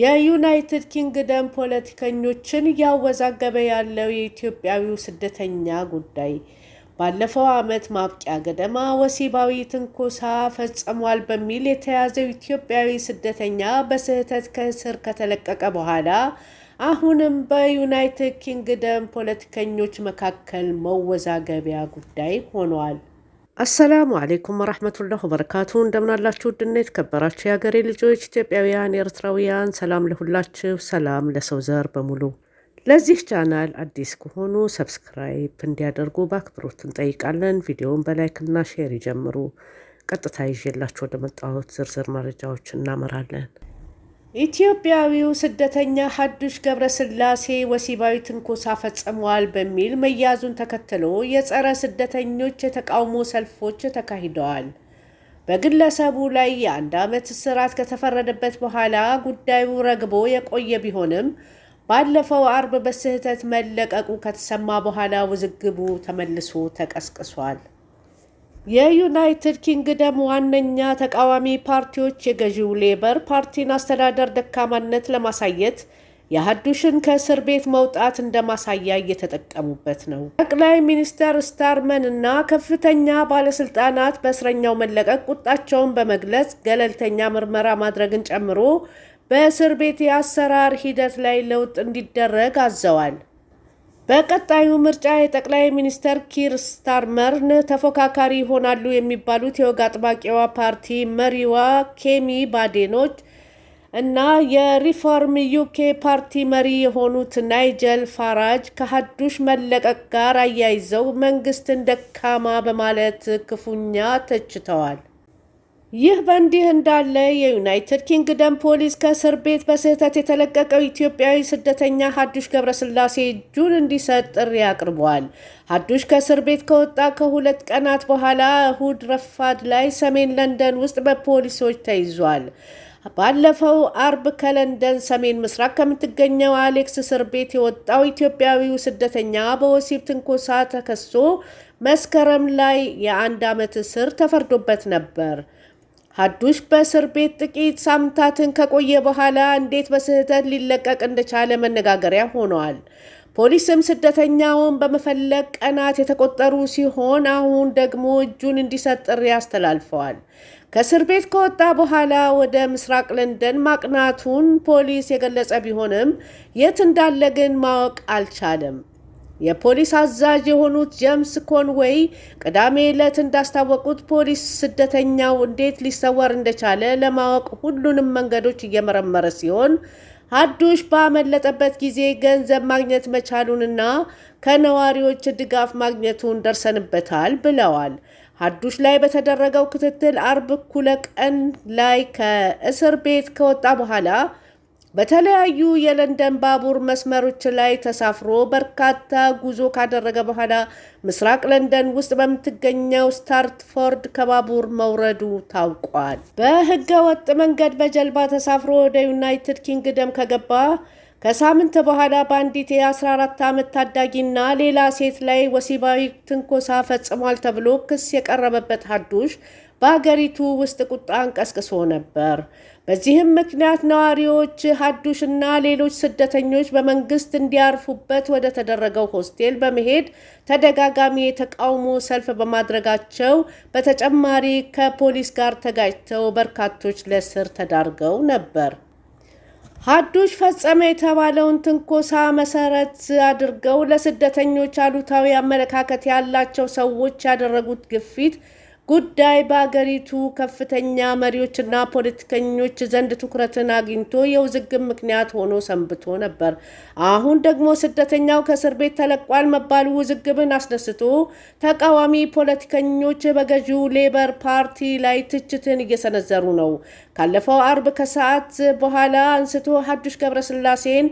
የዩናይትድ ኪንግደም ፖለቲከኞችን እያወዛገበ ያለው የኢትዮጵያዊው ስደተኛ ጉዳይ ባለፈው ዓመት ማብቂያ ገደማ ወሲባዊ ትንኮሳ ፈጽሟል በሚል የተያዘው ኢትዮጵያዊ ስደተኛ በስህተት ከእስር ከተለቀቀ በኋላ አሁንም በዩናይትድ ኪንግደም ፖለቲከኞች መካከል መወዛገቢያ ጉዳይ ሆኗል። አሰላሙ አሌይኩም ወረሕመቱላህ ወበረካቱ እንደምናላችሁ ውድና የተከበራችሁ የሀገሬ ልጆች ኢትዮጵያውያን፣ ኤርትራውያን ሰላም ለሁላችሁ፣ ሰላም ለሰው ዘር በሙሉ። ለዚህ ቻናል አዲስ ከሆኑ ሰብስክራይብ እንዲያደርጉ በአክብሮት እንጠይቃለን። ቪዲዮውን በላይክና ሼር ይጀምሩ። ቀጥታ ይዤላችሁ ወደ መጣሁት ዝርዝር መረጃዎች እናመራለን። ኢትዮጵያዊው ስደተኛ ሀዱሽ ገብረስላሴ ወሲባዊ ትንኮሳ ፈጽመዋል በሚል መያዙን ተከትሎ የጸረ ስደተኞች የተቃውሞ ሰልፎች ተካሂደዋል። በግለሰቡ ላይ የአንድ ዓመት እስራት ከተፈረደበት በኋላ ጉዳዩ ረግቦ የቆየ ቢሆንም ባለፈው አርብ በስህተት መለቀቁ ከተሰማ በኋላ ውዝግቡ ተመልሶ ተቀስቅሷል። የዩናይትድ ኪንግደም ዋነኛ ተቃዋሚ ፓርቲዎች የገዢው ሌበር ፓርቲን አስተዳደር ደካማነት ለማሳየት የሀዱሽን ከእስር ቤት መውጣት እንደማሳያ እየተጠቀሙበት ነው። ጠቅላይ ሚኒስተር ስታርመን እና ከፍተኛ ባለስልጣናት በእስረኛው መለቀቅ ቁጣቸውን በመግለጽ ገለልተኛ ምርመራ ማድረግን ጨምሮ በእስር ቤት የአሰራር ሂደት ላይ ለውጥ እንዲደረግ አዘዋል። በቀጣዩ ምርጫ የጠቅላይ ሚኒስትር ኪር ስታርመርን ተፎካካሪ ይሆናሉ የሚባሉት የወግ አጥባቂዋ ፓርቲ መሪዋ ኬሚ ባዴኖች እና የሪፎርም ዩኬ ፓርቲ መሪ የሆኑት ናይጀል ፋራጅ ከሀዱሽ መለቀቅ ጋር አያይዘው መንግስትን ደካማ በማለት ክፉኛ ተችተዋል። ይህ በእንዲህ እንዳለ የዩናይትድ ኪንግደም ፖሊስ ከእስር ቤት በስህተት የተለቀቀው ኢትዮጵያዊ ስደተኛ ሀዱሽ ገብረስላሴ እጁን እንዲሰጥ ጥሪ አቅርቧል። ሀዱሽ ከእስር ቤት ከወጣ ከሁለት ቀናት በኋላ እሁድ ረፋድ ላይ ሰሜን ለንደን ውስጥ በፖሊሶች ተይዟል። ባለፈው አርብ ከለንደን ሰሜን ምስራቅ ከምትገኘው አሌክስ እስር ቤት የወጣው ኢትዮጵያዊው ስደተኛ በወሲብ ትንኮሳ ተከሶ መስከረም ላይ የአንድ ዓመት እስር ተፈርዶበት ነበር። ሀዱሽ በእስር ቤት ጥቂት ሳምንታትን ከቆየ በኋላ እንዴት በስህተት ሊለቀቅ እንደቻለ መነጋገሪያ ሆነዋል። ፖሊስም ስደተኛውን በመፈለግ ቀናት የተቆጠሩ ሲሆን አሁን ደግሞ እጁን እንዲሰጥ ጥሪ አስተላልፈዋል። ከእስር ቤት ከወጣ በኋላ ወደ ምስራቅ ለንደን ማቅናቱን ፖሊስ የገለጸ ቢሆንም የት እንዳለ ግን ማወቅ አልቻለም። የፖሊስ አዛዥ የሆኑት ጀምስ ኮንዌይ ቅዳሜ ዕለት እንዳስታወቁት ፖሊስ ስደተኛው እንዴት ሊሰወር እንደቻለ ለማወቅ ሁሉንም መንገዶች እየመረመረ ሲሆን ሀዱሽ ባመለጠበት ጊዜ ገንዘብ ማግኘት መቻሉንና ከነዋሪዎች ድጋፍ ማግኘቱን ደርሰንበታል ብለዋል። ሀዱሽ ላይ በተደረገው ክትትል አርብ እኩለ ቀን ላይ ከእስር ቤት ከወጣ በኋላ በተለያዩ የለንደን ባቡር መስመሮች ላይ ተሳፍሮ በርካታ ጉዞ ካደረገ በኋላ ምስራቅ ለንደን ውስጥ በምትገኘው ስታርትፎርድ ከባቡር መውረዱ ታውቋል። በህገ ወጥ መንገድ በጀልባ ተሳፍሮ ወደ ዩናይትድ ኪንግደም ከገባ ከሳምንት በኋላ በአንዲት የ14 ዓመት ታዳጊና ሌላ ሴት ላይ ወሲባዊ ትንኮሳ ፈጽሟል ተብሎ ክስ የቀረበበት ሀዱሽ በአገሪቱ ውስጥ ቁጣ አንቀስቅሶ ነበር። በዚህም ምክንያት ነዋሪዎች ሀዱሽና ሌሎች ስደተኞች በመንግስት እንዲያርፉበት ወደ ተደረገው ሆስቴል በመሄድ ተደጋጋሚ የተቃውሞ ሰልፍ በማድረጋቸው በተጨማሪ ከፖሊስ ጋር ተጋጭተው በርካቶች ለእስር ተዳርገው ነበር። ሀዱሽ ፈጸመ የተባለውን ትንኮሳ መሰረት አድርገው ለስደተኞች አሉታዊ አመለካከት ያላቸው ሰዎች ያደረጉት ግፊት ጉዳይ በአገሪቱ ከፍተኛ መሪዎችና ፖለቲከኞች ዘንድ ትኩረትን አግኝቶ የውዝግብ ምክንያት ሆኖ ሰንብቶ ነበር። አሁን ደግሞ ስደተኛው ከእስር ቤት ተለቋል መባሉ ውዝግብን አስነስቶ ተቃዋሚ ፖለቲከኞች በገዢው ሌበር ፓርቲ ላይ ትችትን እየሰነዘሩ ነው። ካለፈው አርብ ከሰዓት በኋላ አንስቶ ሀዱሽ ገብረስላሴን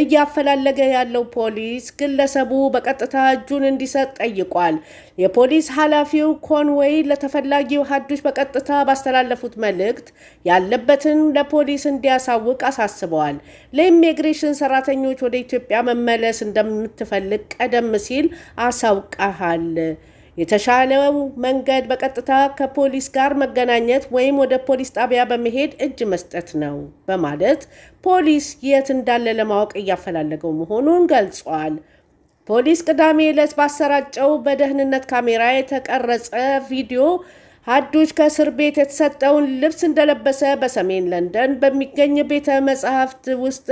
እያፈላለገ ያለው ፖሊስ ግለሰቡ በቀጥታ እጁን እንዲሰጥ ጠይቋል። የፖሊስ ኃላፊው ኮንዌይ ለተፈላጊው ሀዱሽ በቀጥታ ባስተላለፉት መልእክት ያለበትን ለፖሊስ እንዲያሳውቅ አሳስበዋል። ለኢሚግሬሽን ሰራተኞች ወደ ኢትዮጵያ መመለስ እንደምትፈልግ ቀደም ሲል አሳውቀሃል የተሻለው መንገድ በቀጥታ ከፖሊስ ጋር መገናኘት ወይም ወደ ፖሊስ ጣቢያ በመሄድ እጅ መስጠት ነው በማለት ፖሊስ የት እንዳለ ለማወቅ እያፈላለገው መሆኑን ገልጿል። ፖሊስ ቅዳሜ ዕለት ባሰራጨው በደህንነት ካሜራ የተቀረጸ ቪዲዮ ሀዶች ከእስር ቤት የተሰጠውን ልብስ እንደለበሰ በሰሜን ለንደን በሚገኝ ቤተ መጽሐፍት ውስጥ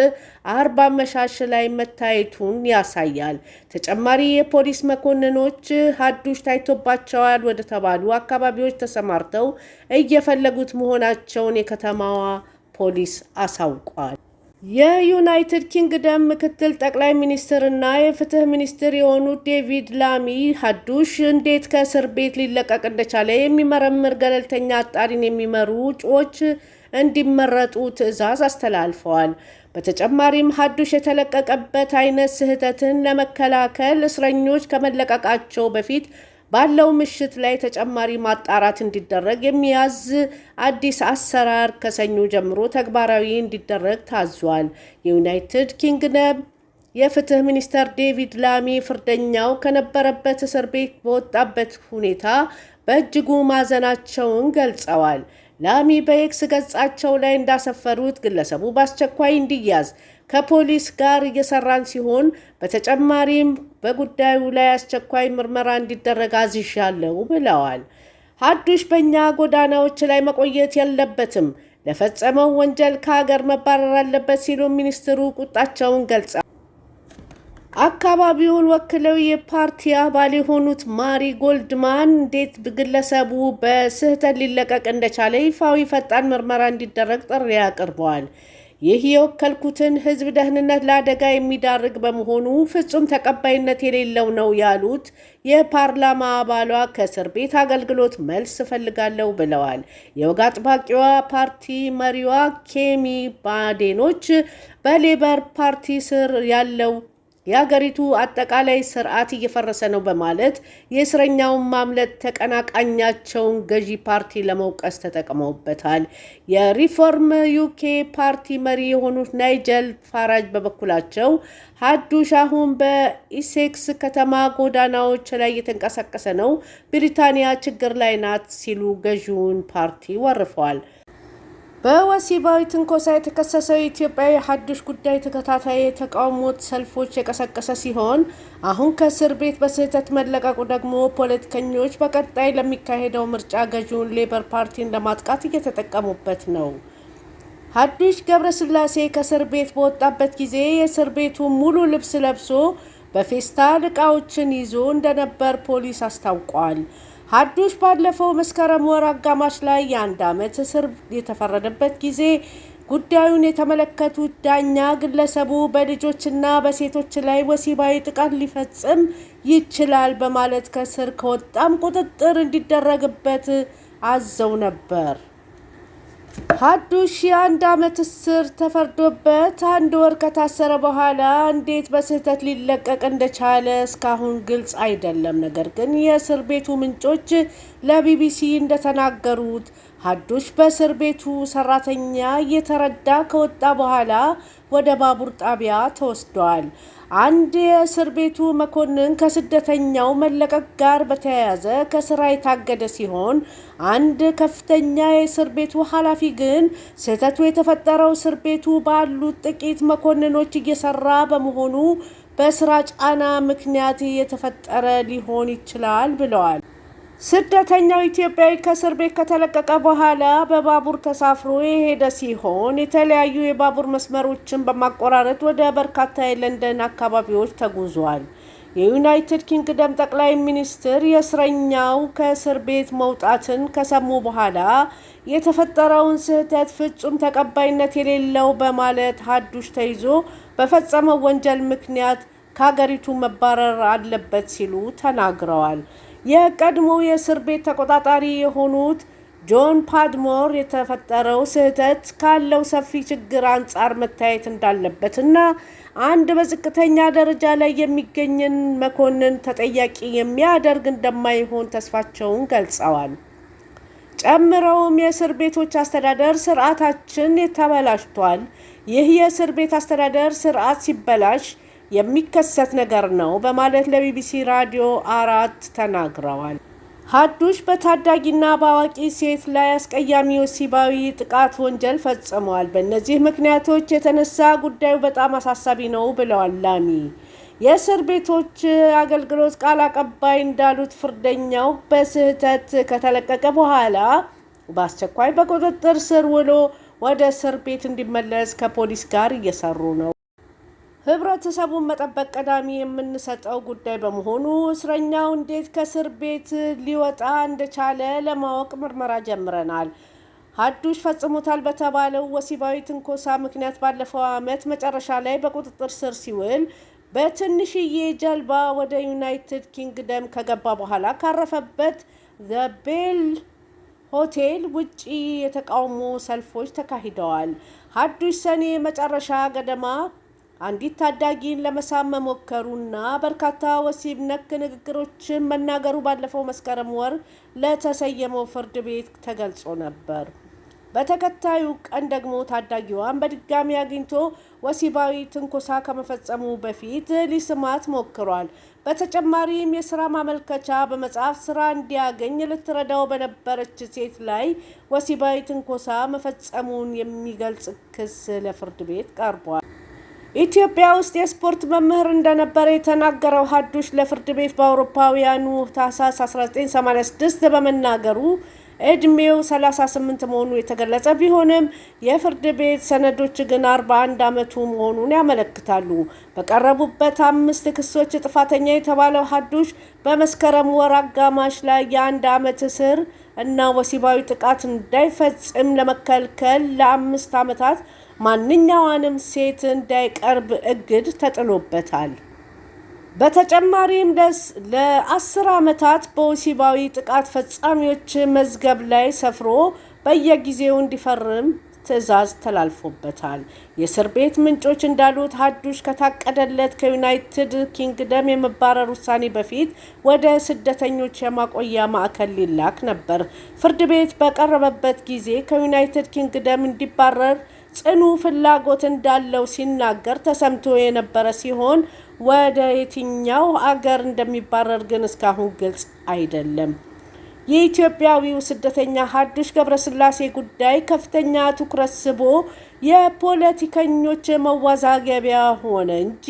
አርብ አመሻሽ ላይ መታየቱን ያሳያል። ተጨማሪ የፖሊስ መኮንኖች ሀዶች ታይቶባቸዋል ወደ ተባሉ አካባቢዎች ተሰማርተው እየፈለጉት መሆናቸውን የከተማዋ ፖሊስ አሳውቋል። የዩናይትድ ኪንግደም ምክትል ጠቅላይ ሚኒስትርና የፍትህ ሚኒስትር የሆኑት ዴቪድ ላሚ ሀዱሽ እንዴት ከእስር ቤት ሊለቀቅ እንደቻለ የሚመረምር ገለልተኛ አጣሪን የሚመሩ እጩዎች እንዲመረጡ ትዕዛዝ አስተላልፈዋል። በተጨማሪም ሀዱሽ የተለቀቀበት አይነት ስህተትን ለመከላከል እስረኞች ከመለቀቃቸው በፊት ባለው ምሽት ላይ ተጨማሪ ማጣራት እንዲደረግ የሚያዝ አዲስ አሰራር ከሰኞ ጀምሮ ተግባራዊ እንዲደረግ ታዟል። የዩናይትድ ኪንግደም የፍትህ ሚኒስተር ዴቪድ ላሚ ፍርደኛው ከነበረበት እስር ቤት በወጣበት ሁኔታ በእጅጉ ማዘናቸውን ገልጸዋል። ላሚ በኤክስ ገጻቸው ላይ እንዳሰፈሩት ግለሰቡ በአስቸኳይ እንዲያዝ ከፖሊስ ጋር እየሰራን ሲሆን በተጨማሪም በጉዳዩ ላይ አስቸኳይ ምርመራ እንዲደረግ አዝዣለሁ ብለዋል። ሀዱሽ በእኛ ጎዳናዎች ላይ መቆየት የለበትም፣ ለፈጸመው ወንጀል ከሀገር መባረር አለበት ሲሉ ሚኒስትሩ ቁጣቸውን ገልጸዋል። አካባቢውን ወክለው የፓርቲ አባል የሆኑት ማሪ ጎልድማን እንዴት ግለሰቡ በስህተት ሊለቀቅ እንደቻለ ይፋዊ ፈጣን ምርመራ እንዲደረግ ጥሪ አቅርበዋል። ይህ የወከልኩትን ህዝብ ደህንነት ለአደጋ የሚዳርግ በመሆኑ ፍጹም ተቀባይነት የሌለው ነው ያሉት የፓርላማ አባሏ ከእስር ቤት አገልግሎት መልስ እፈልጋለሁ ብለዋል። የወግ አጥባቂዋ ፓርቲ መሪዋ ኬሚ ባዴኖች በሌበር ፓርቲ ስር ያለው የሀገሪቱ አጠቃላይ ስርዓት እየፈረሰ ነው በማለት የእስረኛውን ማምለጥ ተቀናቃኛቸውን ገዢ ፓርቲ ለመውቀስ ተጠቅመውበታል። የሪፎርም ዩኬ ፓርቲ መሪ የሆኑት ናይጀል ፋራጅ በበኩላቸው ሀዱሽ አሁን በኢሴክስ ከተማ ጎዳናዎች ላይ እየተንቀሳቀሰ ነው፣ ብሪታንያ ችግር ላይ ናት ሲሉ ገዢውን ፓርቲ ወርፈዋል። በወሲባዊ ትንኮሳ የተከሰሰው የኢትዮጵያዊ ሐዱሽ ጉዳይ ተከታታይ የተቃውሞ ሰልፎች የቀሰቀሰ ሲሆን አሁን ከእስር ቤት በስህተት መለቀቁ ደግሞ ፖለቲከኞች በቀጣይ ለሚካሄደው ምርጫ ገዢውን ሌበር ፓርቲን ለማጥቃት እየተጠቀሙበት ነው። ሀዱሽ ገብረስላሴ ከእስር ቤት በወጣበት ጊዜ የእስር ቤቱ ሙሉ ልብስ ለብሶ በፌስታል ዕቃዎችን ይዞ እንደነበር ፖሊስ አስታውቋል። ሀዱሽ ባለፈው መስከረም ወር አጋማሽ ላይ የአንድ ዓመት እስር የተፈረደበት ጊዜ ጉዳዩን የተመለከቱት ዳኛ ግለሰቡ በልጆችና በሴቶች ላይ ወሲባዊ ጥቃት ሊፈጽም ይችላል በማለት ከስር ከወጣም ቁጥጥር እንዲደረግበት አዘው ነበር። ሀዱሽ የአንድ አመት እስር ተፈርዶበት አንድ ወር ከታሰረ በኋላ እንዴት በስህተት ሊለቀቅ እንደቻለ እስካሁን ግልጽ አይደለም። ነገር ግን የእስር ቤቱ ምንጮች ለቢቢሲ እንደተናገሩት ሀዱሽ በእስር ቤቱ ሰራተኛ እየተረዳ ከወጣ በኋላ ወደ ባቡር ጣቢያ ተወስደዋል። አንድ የእስር ቤቱ መኮንን ከስደተኛው መለቀቅ ጋር በተያያዘ ከስራ የታገደ ሲሆን አንድ ከፍተኛ የእስር ቤቱ ኃላፊ ግን ስህተቱ የተፈጠረው እስር ቤቱ ባሉት ጥቂት መኮንኖች እየሰራ በመሆኑ በስራ ጫና ምክንያት የተፈጠረ ሊሆን ይችላል ብለዋል። ስደተኛው ኢትዮጵያዊ ከእስር ቤት ከተለቀቀ በኋላ በባቡር ተሳፍሮ የሄደ ሲሆን የተለያዩ የባቡር መስመሮችን በማቆራረጥ ወደ በርካታ የለንደን አካባቢዎች ተጉዟል። የዩናይትድ ኪንግደም ጠቅላይ ሚኒስትር የእስረኛው ከእስር ቤት መውጣትን ከሰሙ በኋላ የተፈጠረውን ስህተት ፍጹም ተቀባይነት የሌለው በማለት ሀዱሽ ተይዞ በፈጸመው ወንጀል ምክንያት ከሀገሪቱ መባረር አለበት ሲሉ ተናግረዋል። የቀድሞ የእስር ቤት ተቆጣጣሪ የሆኑት ጆን ፓድሞር የተፈጠረው ስህተት ካለው ሰፊ ችግር አንጻር መታየት እንዳለበት እና አንድ በዝቅተኛ ደረጃ ላይ የሚገኝን መኮንን ተጠያቂ የሚያደርግ እንደማይሆን ተስፋቸውን ገልጸዋል። ጨምረውም የእስር ቤቶች አስተዳደር ስርዓታችን ተበላሽቷል። ይህ የእስር ቤት አስተዳደር ስርዓት ሲበላሽ የሚከሰት ነገር ነው በማለት ለቢቢሲ ራዲዮ አራት ተናግረዋል። ሀዱሽ በታዳጊና በአዋቂ ሴት ላይ አስቀያሚ ወሲባዊ ጥቃት ወንጀል ፈጽመዋል። በእነዚህ ምክንያቶች የተነሳ ጉዳዩ በጣም አሳሳቢ ነው ብለዋል ላሚ። የእስር ቤቶች አገልግሎት ቃል አቀባይ እንዳሉት ፍርደኛው በስህተት ከተለቀቀ በኋላ በአስቸኳይ በቁጥጥር ስር ውሎ ወደ እስር ቤት እንዲመለስ ከፖሊስ ጋር እየሰሩ ነው። ህብረተሰቡን መጠበቅ ቀዳሚ የምንሰጠው ጉዳይ በመሆኑ እስረኛው እንዴት ከእስር ቤት ሊወጣ እንደቻለ ለማወቅ ምርመራ ጀምረናል። ሀዱሽ ፈጽሞታል በተባለው ወሲባዊ ትንኮሳ ምክንያት ባለፈው ዓመት መጨረሻ ላይ በቁጥጥር ስር ሲውል በትንሽዬ ጀልባ ወደ ዩናይትድ ኪንግደም ከገባ በኋላ ካረፈበት ዘቤል ሆቴል ውጪ የተቃውሞ ሰልፎች ተካሂደዋል። ሀዱሽ ሰኔ መጨረሻ ገደማ አንዲት ታዳጊን ለመሳም መሞከሩና በርካታ ወሲብ ነክ ንግግሮችን መናገሩ ባለፈው መስከረም ወር ለተሰየመው ፍርድ ቤት ተገልጾ ነበር። በተከታዩ ቀን ደግሞ ታዳጊዋን በድጋሚ አግኝቶ ወሲባዊ ትንኮሳ ከመፈጸሙ በፊት ሊስማት ሞክሯል። በተጨማሪም የስራ ማመልከቻ በመጻፍ ስራ እንዲያገኝ ልትረዳው በነበረች ሴት ላይ ወሲባዊ ትንኮሳ መፈጸሙን የሚገልጽ ክስ ለፍርድ ቤት ቀርቧል። ኢትዮጵያ ውስጥ የስፖርት መምህር እንደነበረ የተናገረው ሀዱሽ ለፍርድ ቤት በአውሮፓውያኑ ታህሳስ 1986 በመናገሩ ዕድሜው 38 መሆኑ የተገለጸ ቢሆንም የፍርድ ቤት ሰነዶች ግን 41 ዓመቱ መሆኑን ያመለክታሉ። በቀረቡበት አምስት ክሶች ጥፋተኛ የተባለው ሀዱሽ በመስከረም ወር አጋማሽ ላይ የአንድ ዓመት እስር እና ወሲባዊ ጥቃት እንዳይፈጽም ለመከልከል ለአምስት ዓመታት ማንኛዋንም ሴት እንዳይቀርብ እግድ ተጥሎበታል። በተጨማሪም ለአስር ዓመታት በወሲባዊ ጥቃት ፈጻሚዎች መዝገብ ላይ ሰፍሮ በየጊዜው እንዲፈርም ትዕዛዝ ተላልፎበታል። የእስር ቤት ምንጮች እንዳሉት ሀዱሽ ከታቀደለት ከዩናይትድ ኪንግደም የመባረር ውሳኔ በፊት ወደ ስደተኞች የማቆያ ማዕከል ሊላክ ነበር። ፍርድ ቤት በቀረበበት ጊዜ ከዩናይትድ ኪንግደም እንዲባረር ጽኑ ፍላጎት እንዳለው ሲናገር ተሰምቶ የነበረ ሲሆን ወደ የትኛው አገር እንደሚባረር ግን እስካሁን ግልጽ አይደለም። የኢትዮጵያዊው ስደተኛ ሀዱሽ ገብረስላሴ ጉዳይ ከፍተኛ ትኩረት ስቦ የፖለቲከኞች መዋዛገቢያ ሆነ እንጂ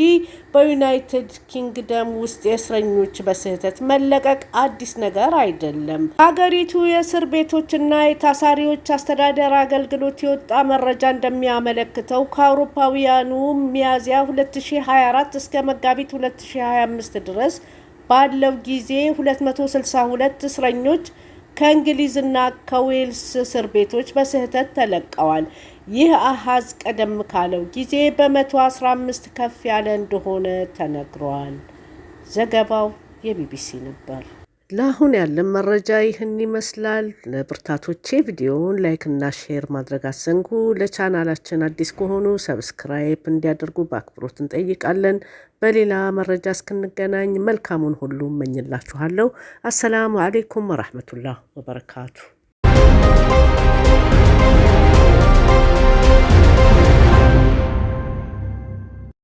በዩናይትድ ኪንግደም ውስጥ የእስረኞች በስህተት መለቀቅ አዲስ ነገር አይደለም። ሀገሪቱ የእስር ቤቶችና የታሳሪዎች አስተዳደር አገልግሎት የወጣ መረጃ እንደሚያመለክተው ከአውሮፓውያኑ ሚያዝያ 2024 እስከ መጋቢት 2025 ድረስ ባለው ጊዜ 262 እስረኞች ከእንግሊዝና ከዌልስ እስር ቤቶች በስህተት ተለቀዋል። ይህ አሃዝ ቀደም ካለው ጊዜ በ115 ከፍ ያለ እንደሆነ ተነግሯል። ዘገባው የቢቢሲ ነበር። ለአሁን ያለን መረጃ ይህን ይመስላል። ለብርታቶቼ ቪዲዮውን ላይክና ሼር ማድረግ አትዘንጉ። ለቻናላችን አዲስ ከሆኑ ሰብስክራይብ እንዲያደርጉ በአክብሮት እንጠይቃለን። በሌላ መረጃ እስክንገናኝ መልካሙን ሁሉ እመኝላችኋለሁ። አሰላሙ አሌይኩም ወረሕመቱላህ ወበረካቱ